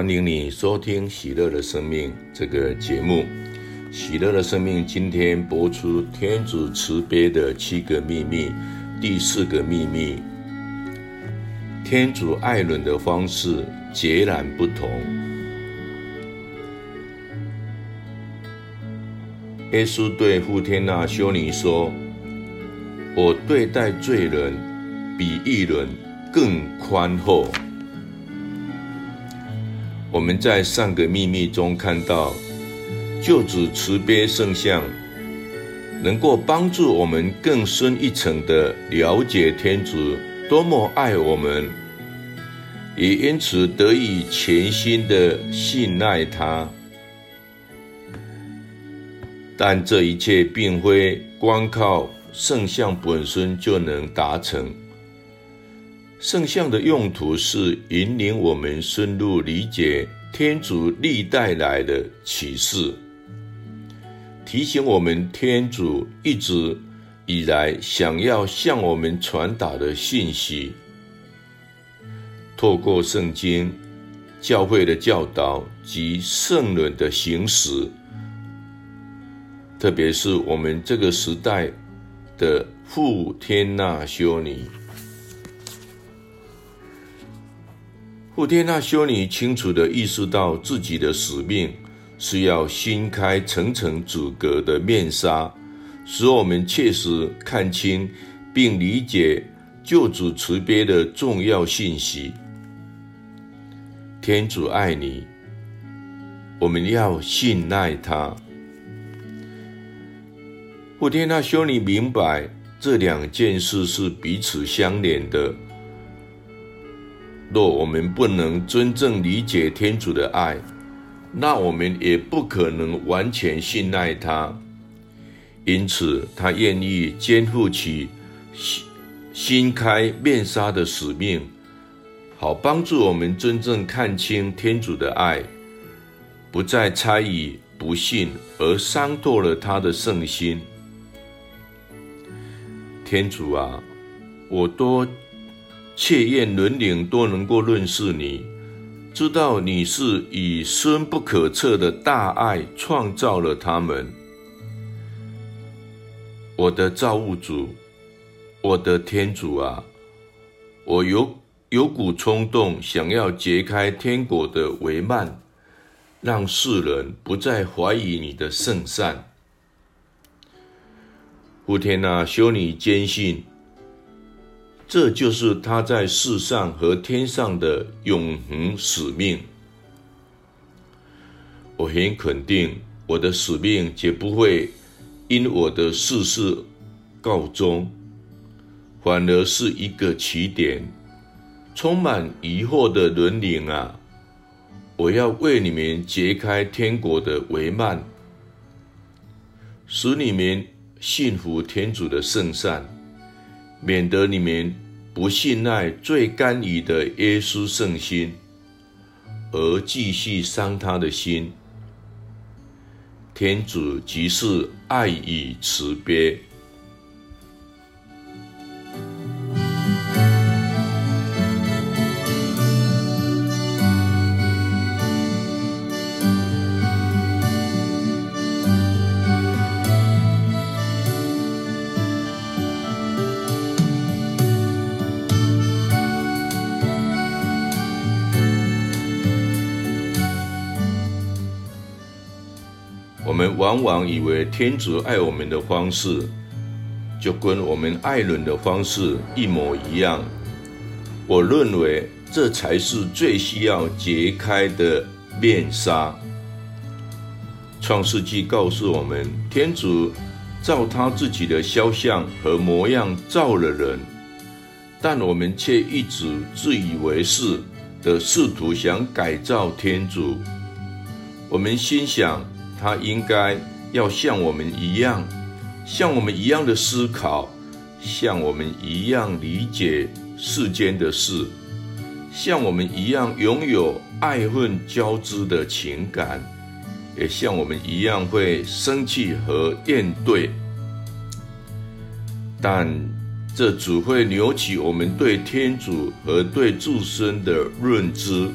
歡迎你收聽《喜樂的生命》這個節目。《喜樂的生命》今天播出《天主慈悲的七個秘密》，第四個秘密：天主愛人的方式截然不同。耶穌對傅天娜修女說：“我對待罪人，比義人更寬厚。”我們在上個秘密中看到，救主慈悲聖像，能夠幫助我們更深一層的了解天主多麼愛我們，也因此得以全心的信賴他。但這一切並非光靠聖像本身就能達成。聖像的用途是引領我們深入理解天主歷代來的啟示，提醒我們天主一直以來想要向我們傳達的信息。透過聖經、教會的教導及聖人的行使，特別是我們這個時代的傅天娜修女。布天納修女清楚地意識到，自己的使命是要掀開層層阻隔的面紗，使我們切實看清並理解救主慈悲的重要信息：天主愛你，我們要信賴他。布天納修女明白，這兩件事是彼此相連的。若我們不能真正理解天主的愛，那我們也不可能完全信賴他。因此，他願意肩負起掀開面紗的使命，好幫助我們真正看清天主的愛，不再猜疑不信，而傷透了他的聖心。天主啊，我多。切願輪翎都能夠認識你，知道你是以深不可測的大愛創造了他們。我的造物主，我的天主啊，我有有股衝動，想要揭開天國的帷幔，讓世人不再懷疑你的聖善。傅天娜修女堅信。這就是他在世上和天上的永恆使命。我很肯定，我的使命絕不會因我的逝世告終，反而是一個起點。充滿疑惑的人靈啊，我要為你們揭開天國的帷幔，使你們信服天主的聖善。免得你們不信賴最甘飴的耶穌聖心，而繼續傷他的心。天主即是愛與慈悲。往往以為天主愛我們的方式，就跟我們愛人的方式一模一樣。我認為這才是最需要揭開的面紗。創世紀告訴我們，天主照他自己的肖像和模樣造了人，但我們卻一直自以為是的試圖想改造天主。我們心想。他應該要像我們一樣，像我們一樣的思考，像我們一樣理解世間的事，像我們一樣擁有愛恨交織的情感，也像我們一樣會生氣和怨懟。但這只會扭曲我們對天主和對自身的認知，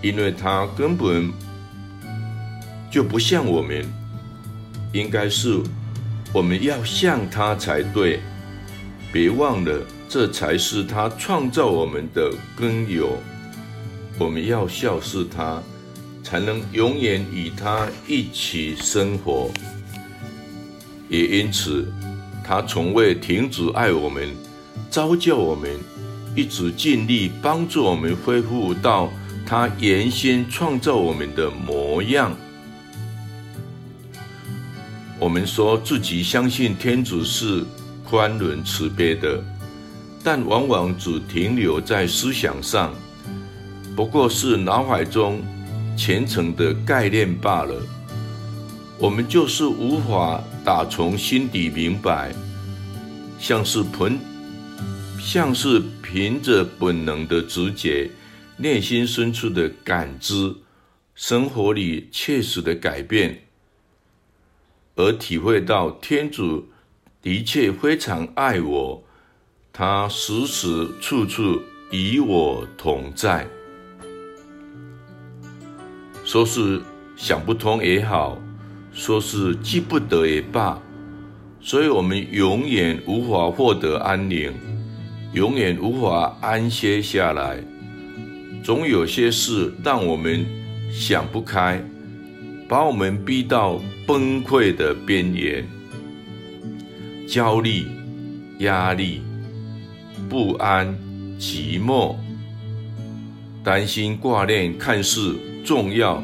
因為他根本。就不像我們，應該是我們要像他才對。別忘了，這才是他創造我們的根由。我們要孝順他，才能永遠與他一起生活。也因此，他從未停止愛我們，召叫我們，一直盡力幫助我們恢復到他原先創造我們的模樣。我們說自己相信天主是寬仁慈悲的，但往往只停留在思想上，不過是腦海中虔誠的概念罷了。我們就是無法打從心底明白，像是憑像是憑着本能的直覺、內心深處的感知、生活裡切實的改變。而體會到天主的確非常愛我，他時時處處與我同在。說是想不通也好，說是記不得也罷，所以我們永遠無法獲得安寧，永遠無法安歇下來，總有些事讓我們想不開。把我們逼到崩潰的邊緣，焦慮、壓力、不安、寂寞、擔心、掛念，看似重要，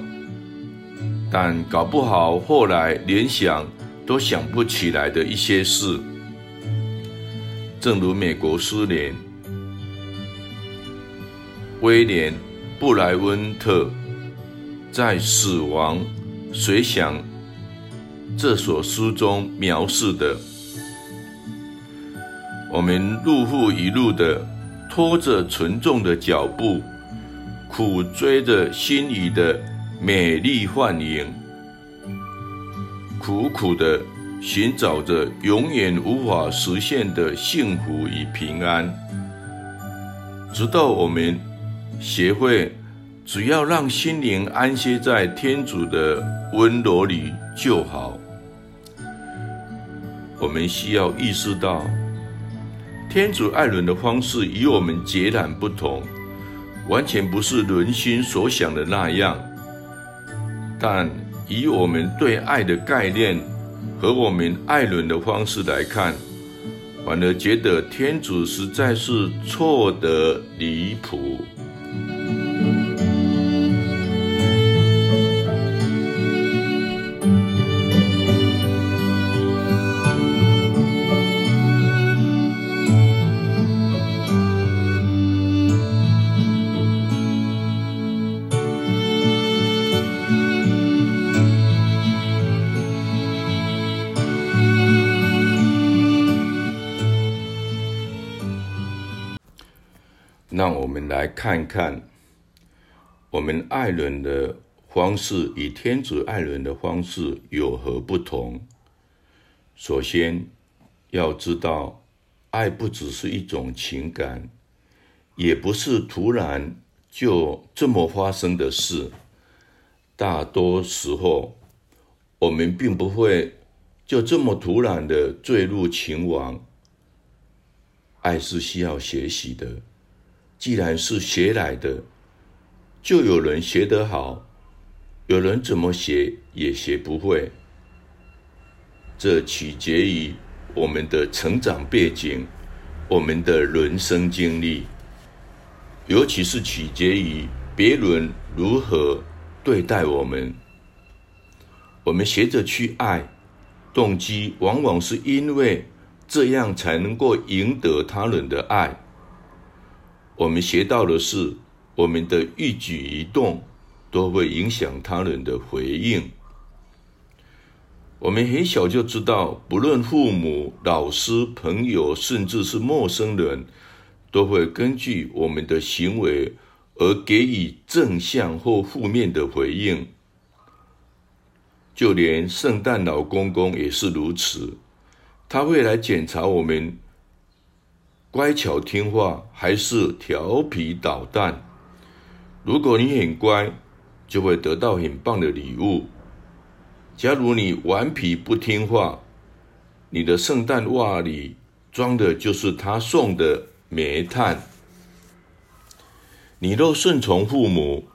但搞不好後來連想都想不起來的一些事。正如美國詩人威廉·布萊溫特在死亡。誰想這所書中描述的，我們路復一路的拖着沉重的腳步，苦追着心儀的美麗幻影，苦苦的尋找着永遠無法實現的幸福與平安，直到我們學會。只要讓心靈安歇在天主的溫柔裡就好。我們需要意識到，天主愛人的方式與我們截然不同，完全不是人心所想的那樣。但以我們對愛的概念和我們愛人的方式來看，反而覺得天主實在是錯得離譜。來看看我們愛人的方式與天主愛人的方式有何不同。首先，要知道，愛不只是一種情感，也不是突然就這麼發生的事。大多時候，我們並不會就這麼突然的墜入情網。愛是需要學習的。既然是學來的，就有人學得好，有人怎麼學也學不會。這取決於我們的成長背景，我們的人生經歷，尤其是取決於別人如何對待我們。我們學着去愛，動機往往是因為這樣才能夠贏得他人的愛。我們學到的是，我們的一舉一動都會影響他人的回應。我們很小就知道，不論父母、老師、朋友，甚至是陌生人，都會根據我們的行為而給予正向或負面的回應。就連聖誕老公公也是如此，他會來檢查我們。乖巧聽話還是調皮搗蛋？如果你很乖，就會得到很棒的禮物；假如你頑皮不聽話，你的聖誕襪裡裝的就是他送的煤炭。你若順從父母，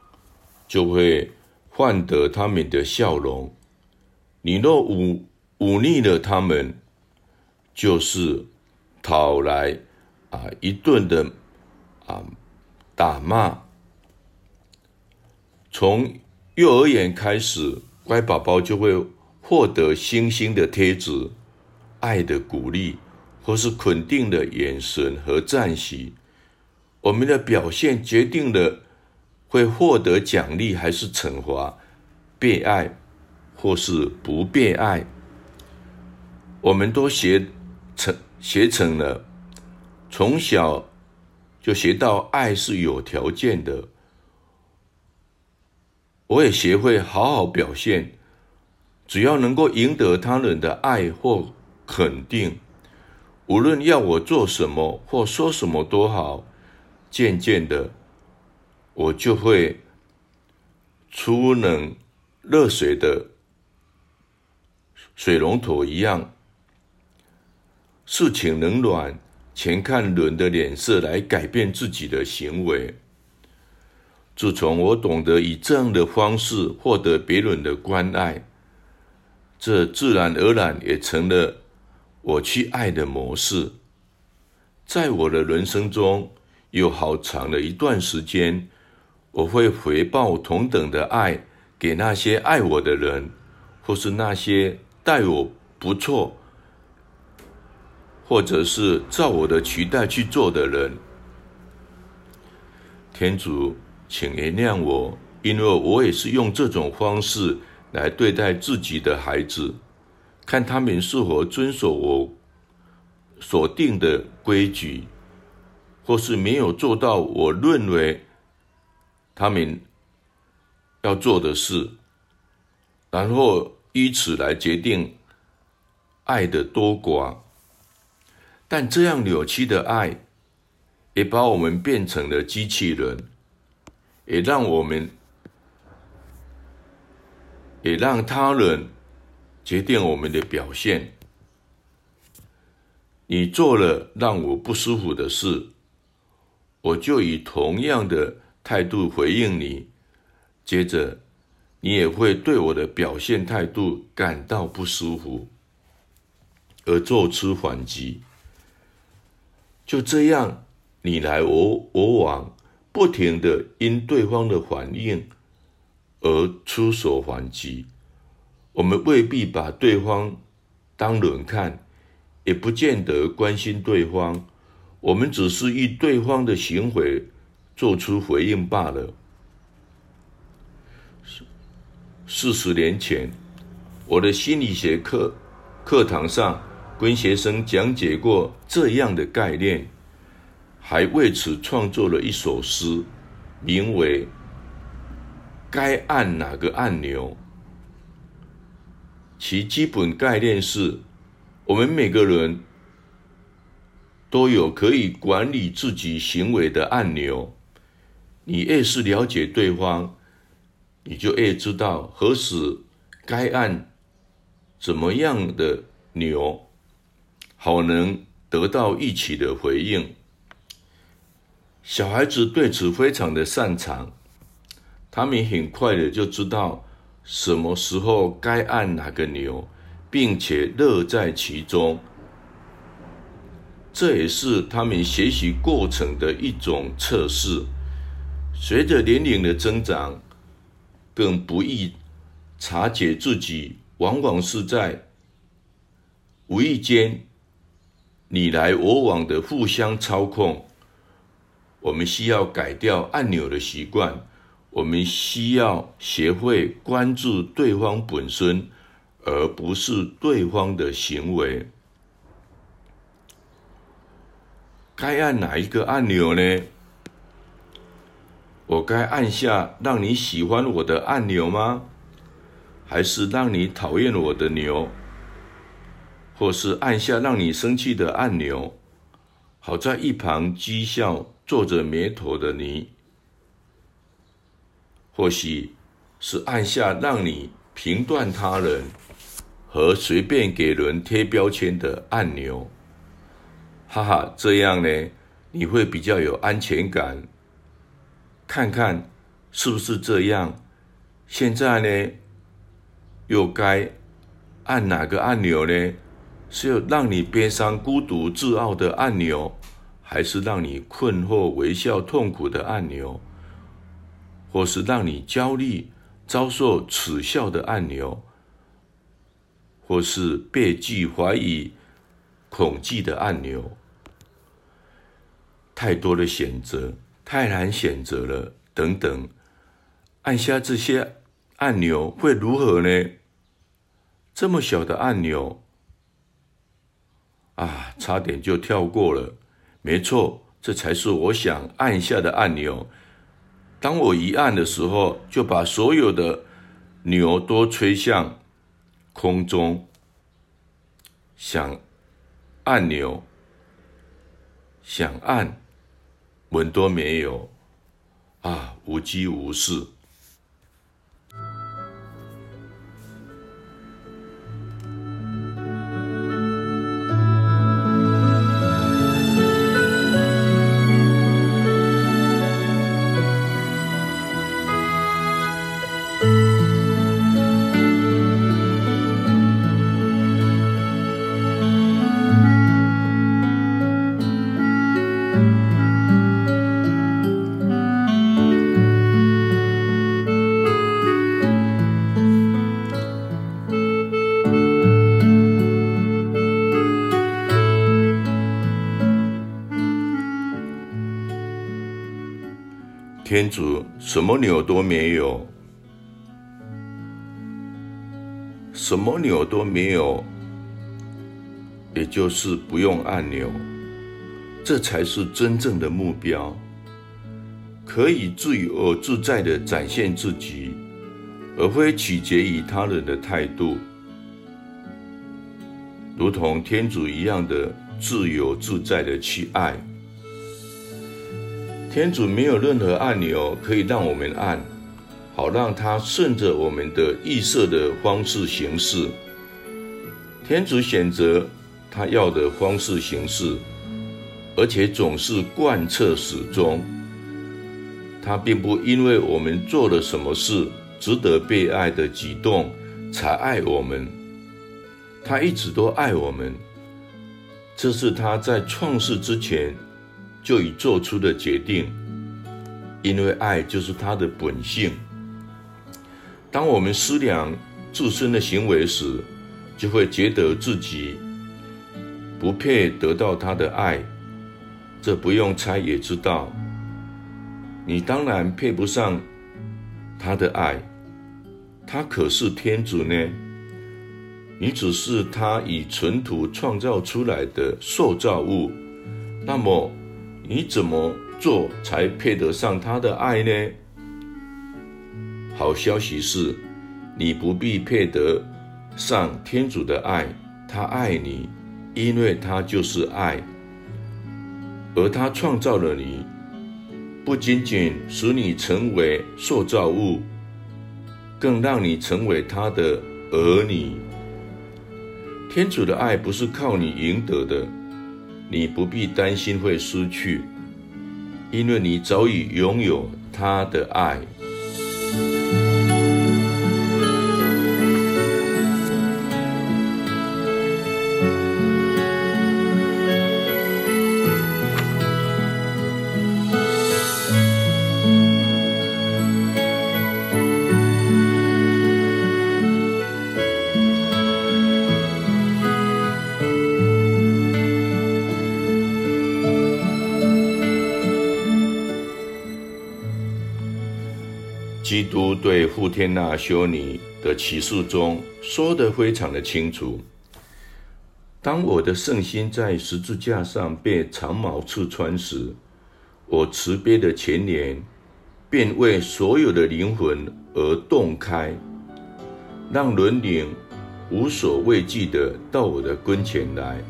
就會換得他們的笑容；你若忤，忤逆了他們，就是討來。啊，一頓的啊打罵。從幼兒園開始，乖寶寶就會獲得星星的貼紙、愛的鼓勵，或是肯定的眼神和讚許。我們的表現決定了會獲得獎勵還是懲罰，被愛或是不被愛。我們都學成學成了。從小就學到愛是有條件的，我也學會好好表現，只要能夠贏得他人的愛或肯定，無論要我做什麼或說什麼都好。漸漸的，我就會出冷熱水的水龍頭一樣，事情冷暖，全看人的臉色來改變自己的行為。自從我懂得以這樣的方式獲得別人的關愛，這自然而然也成了我去愛的模式。在我的人生中有好長的一段時間，我會回報同等的愛給那些愛我的人，或是那些待我不錯，或者是照我的期待去做的人，天主，請原諒我，因為我也是用這種方式來對待自己的孩子，看他們是否遵守我所定的規矩，或是沒有做到我認為他們要做的事，然後以此來決定愛的多寡。但這樣扭曲的愛，也把我們變成了機器人，也讓我們，也讓他人決定我們的表現。你做了讓我不舒服的事，我就以同樣的態度回應你，接着你也會對我的表現態度感到不舒服，而做出反擊。就這樣，你來我我往，不停的因對方的反應而出手反擊。我們未必把對方當人看，也不見得關心對方，我們只是以對方的行為做出回應罷了。四十年前，我的心理學課課堂上。文學生講解過這樣的概念，還為此創作了一首詩，名為《該按哪個按鈕》。其基本概念是：我們每個人都有可以管理自己行為的按鈕。你越是了解對方，你就越知道何時該按怎麼樣的鈕。好能得到一起的回應。小孩子對此非常的擅長，他們很快的就知道什麼時候該按哪個鈕，並且樂在其中。這也是他們學習過程的一種測試。隨着年齡的增長，更不易察覺自己，往往是在無意間。你來我往的互相操控，我們需要改掉按鈕的習慣。我們需要學會關注對方本身，而不是對方的行為。該按哪一個按鈕呢？我該按下讓你喜歡我的按鈕嗎？還是讓你討厭我的鈕？或是按下讓你生氣的按鈕，好在一旁譏笑、皺着眉頭的你；或許是，是按下讓你評斷他人和隨便給人貼標籤的按鈕，哈哈，這樣呢，你會比較有安全感。看看是不是這樣？現在呢，又該按哪個按鈕呢？是有讓你悲傷、孤獨、自傲的按鈕，還是讓你困惑、微笑、痛苦的按鈕？或是讓你焦慮、遭受恥笑的按鈕？或是被忌、懷疑、恐懼的按鈕？太多的選擇，太難選擇了。等等，按下這些按鈕會如何呢？這麼小的按鈕。啊，差點就跳過了。沒錯，這才是我想按下的按鈕。當我一按的時候，就把所有的鈕都吹向空中。想按鈕，想按，穩都沒有。啊，無拘無束。天主，什麼鈕都沒有，什麼鈕都沒有，也就是不用按鈕，這才是真正的目標。可以自由自在的展現自己，而非取決於他人的態度，如同天主一樣的自由自在的去愛。天主沒有任何按鈕可以讓我們按，好讓他順着我們的臆測的方式行事。天主選擇他要的方式行事，而且總是貫徹始終。他並不因為我們做了什麼事值得被愛的舉動才愛我們，他一直都愛我們。這是他在創世之前就已做出的決定，因為愛就是他的本性。當我們思量自身的行為時，就會覺得自己不配得到他的愛。這不用猜也知道，你當然配不上他的愛。他可是天主呢，你只是他以塵土創造出來的受造物。那麼，你怎麼做才配得上他的愛呢？好消息是，你不必配得上天主的愛，他愛你，因為他就是愛。而他創造了你，不僅僅使你成為塑造物，更讓你成為他的兒女。天主的愛不是靠你贏得的。你不必擔心會失去，因為你早已擁有他的愛。都對傅天娜修女的啟示中說的非常的清楚。當我的聖心在十字架上被長矛刺穿時，我慈悲的泉源便為所有的靈魂而洞開，讓人靈無所畏懼的到我的跟前來，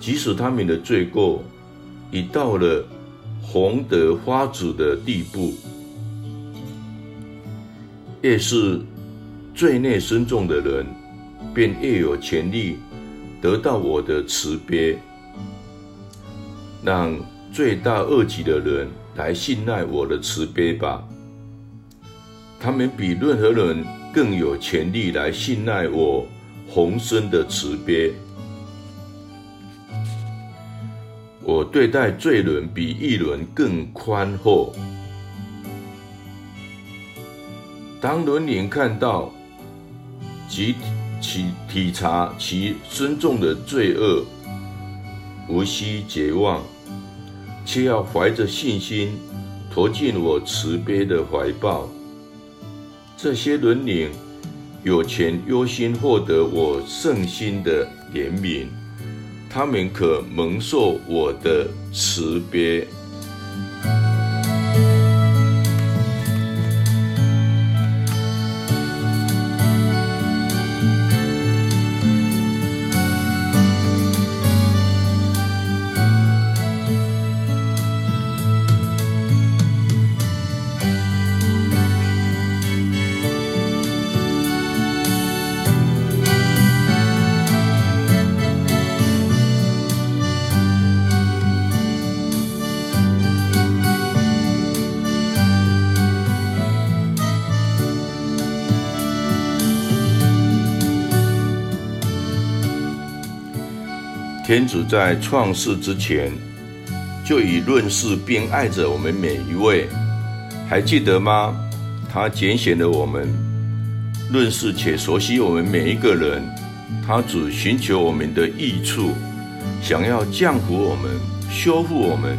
即使他們的罪過已到了紅得發紫的地步。越是罪孽深重的人，便越有權利得到我的慈悲。讓罪大惡極的人來信賴我的慈悲吧。他們比任何人更有權利來信賴我宏深的慈悲。我對待罪人比義人更寬厚。當倫理看到及其體察其深重的罪惡，無需絕望，卻要懷着信心投進我慈悲的懷抱。這些倫理有權優先獲得我聖心的憐憫，他們可蒙受我的慈悲。天主在創世之前，就已認識並愛着我們每一位，還記得嗎？他揀選了我們，認識且熟悉我們每一個人。他只尋求我們的益處，想要降服我們、修復我們，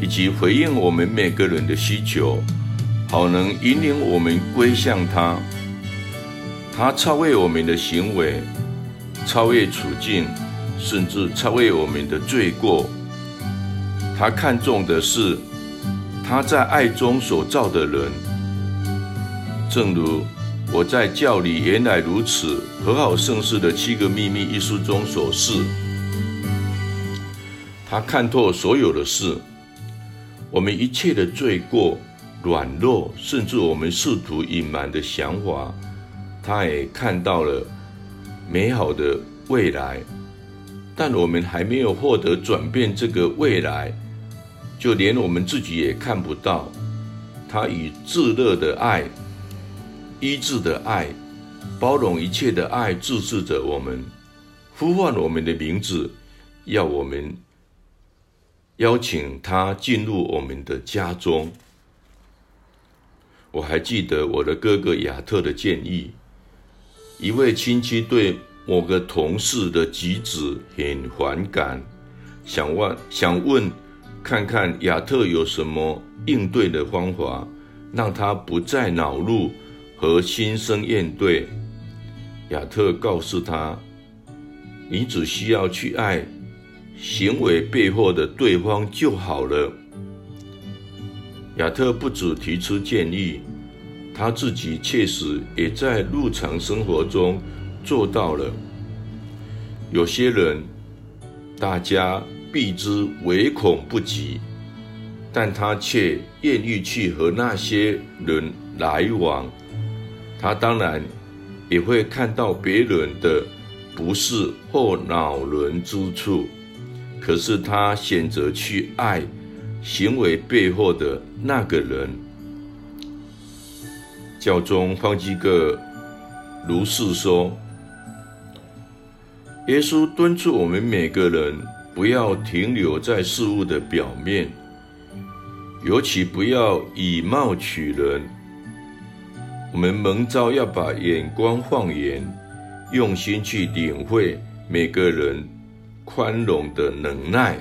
以及回應我們每個人的需求，好能引領我們歸向他。他超越我們的行為，超越處境。甚至超越我們的罪過，他看重的是他在愛中所造的人。正如我在教理原來如此和好聖事的七個秘密一書中所示，他看透所有的事，我們一切的罪過、軟弱，甚至我們試圖隱瞞的想法，他也看到了美好的未來。但我們還沒有獲得轉變這個未來，就連我們自己也看不到。他以熾熱的愛、醫治的愛、包容一切的愛，支持着我們，呼喚我們的名字，要我們邀請他進入我們的家中。我還記得我的哥哥亞特的建議，一位親戚對。某個同事的舉止很反感，想問想問，看看亞特有什麼應對的方法，讓他不再惱怒和心生怨懟。亞特告訴他：“你只需要去愛行為背後的對方就好了。”亞特不只提出建議，他自己確實也在日常生活中。做到了，有些人大家避之唯恐不及，但他却願意去和那些人來往。他當然也會看到別人的不是或惱人之處，可是他選擇去愛行為背後的那個人。教宗方濟各如是說。耶穌敦促我們每個人不要停留在事物的表面，尤其不要以貌取人。我們蒙召要把眼光放遠，用心去領會每個人寬容的能耐。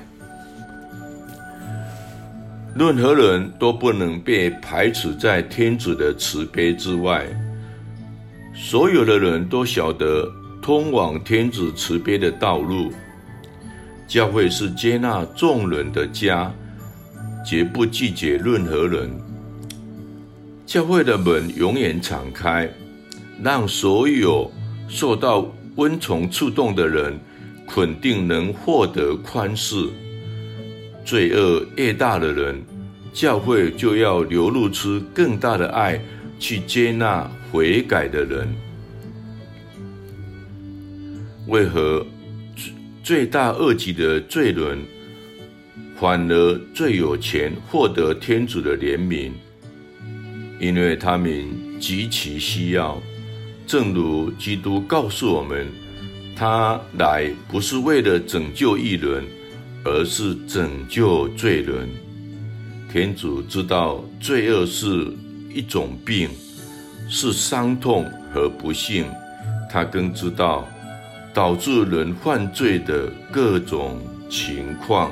任何人都不能被排斥在天主的慈悲之外，所有的人都曉得。通往天主慈悲的道路，教會是接納眾人的家，絕不拒絕任何人。教會的門永遠敞開，讓所有受到恩寵觸動的人，肯定能獲得寬恕。罪惡越大的人，教會就要流露出更大的愛，去接納悔改的人。為何罪大惡極的罪人，反而最有錢獲得天主的憐憫？因為他們極其需要。正如基督告訴我們，他來不是為了拯救義人，而是拯救罪人。天主知道罪惡是一種病，是傷痛和不幸。他更知道。導致人犯罪的各種情況。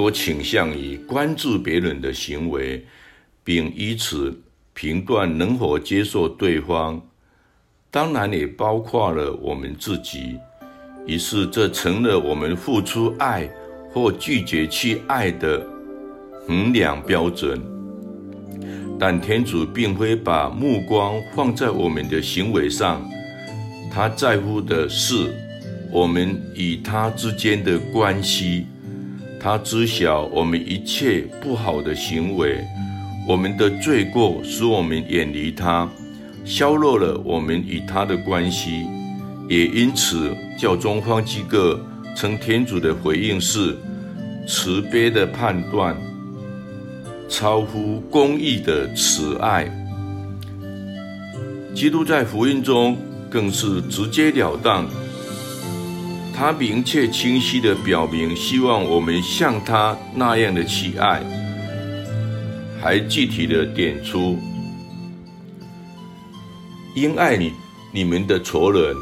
多傾向於關注別人的行為，並以此評斷能否接受對方，當然也包括了我們自己。於是，這成了我們付出愛或拒絕去愛的衡量標準。但天主並非把目光放在我們的行為上，他在乎的是我們與他之間的關係。他知曉我們一切不好的行為，我們的罪過使我們遠離他，削弱了我們與他的關係，也因此教宗方濟各稱天主的回應是慈悲的判斷，超乎公義的慈愛。基督在福音中更是直截了當。他明確清晰的表明，希望我們像他那樣的去愛，還具體的點出：因愛你你們的仇人，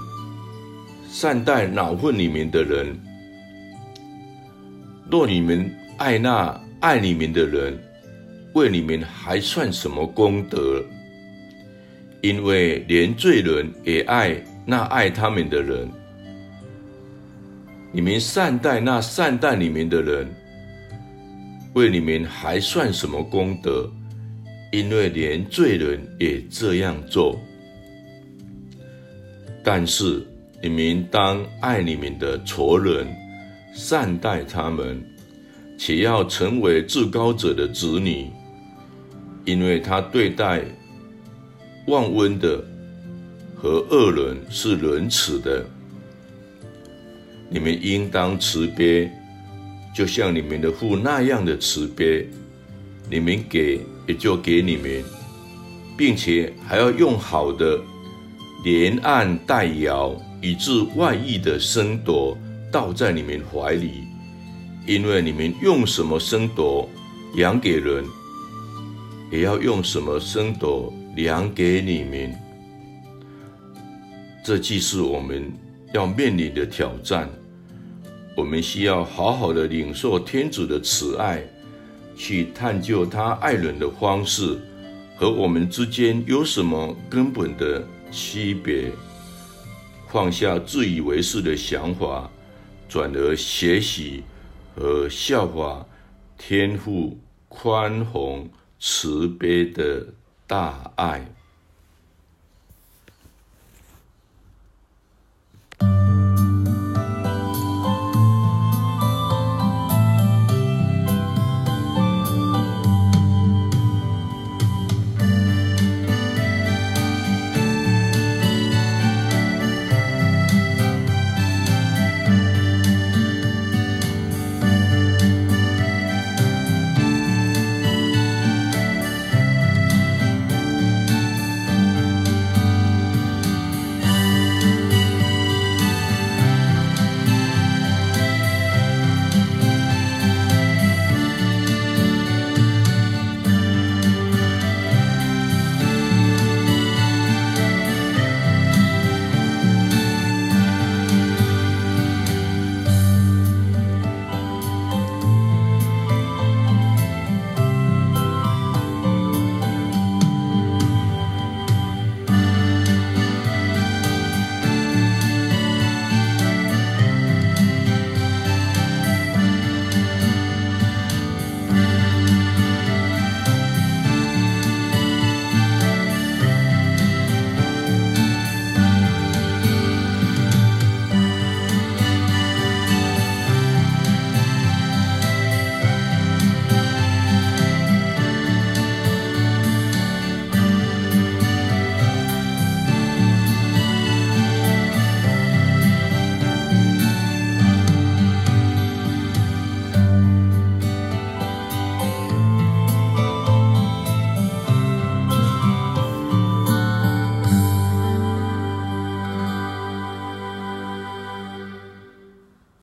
善待惱恨你們的人。若你們愛那愛你們的人，為你們還算什麼功德？因為連罪人也愛那愛他們的人。你們善待那善待你們的人，為你們還算什麼功德？因為連罪人也這樣做。但是你們當愛你們的仇人，善待他們，且要成為至高者的子女，因為他對待忘恩的和惡人是仁慈的。你們應當慈悲，就像你們的父那樣的慈悲。你們給也就給你們，並且還要用好的連按帶搖，以致外溢的升斗倒在你們懷裡。因為你們用什麼升斗量給人，也要用什麼升斗量給你們。這既是我們要面臨的挑戰。我們需要好好的領受天主的慈愛，去探究他愛人的方式和我們之間有什麼根本的區別，放下自以為是的想法，轉而學習和效法天父、寬宏慈，慈悲的大愛。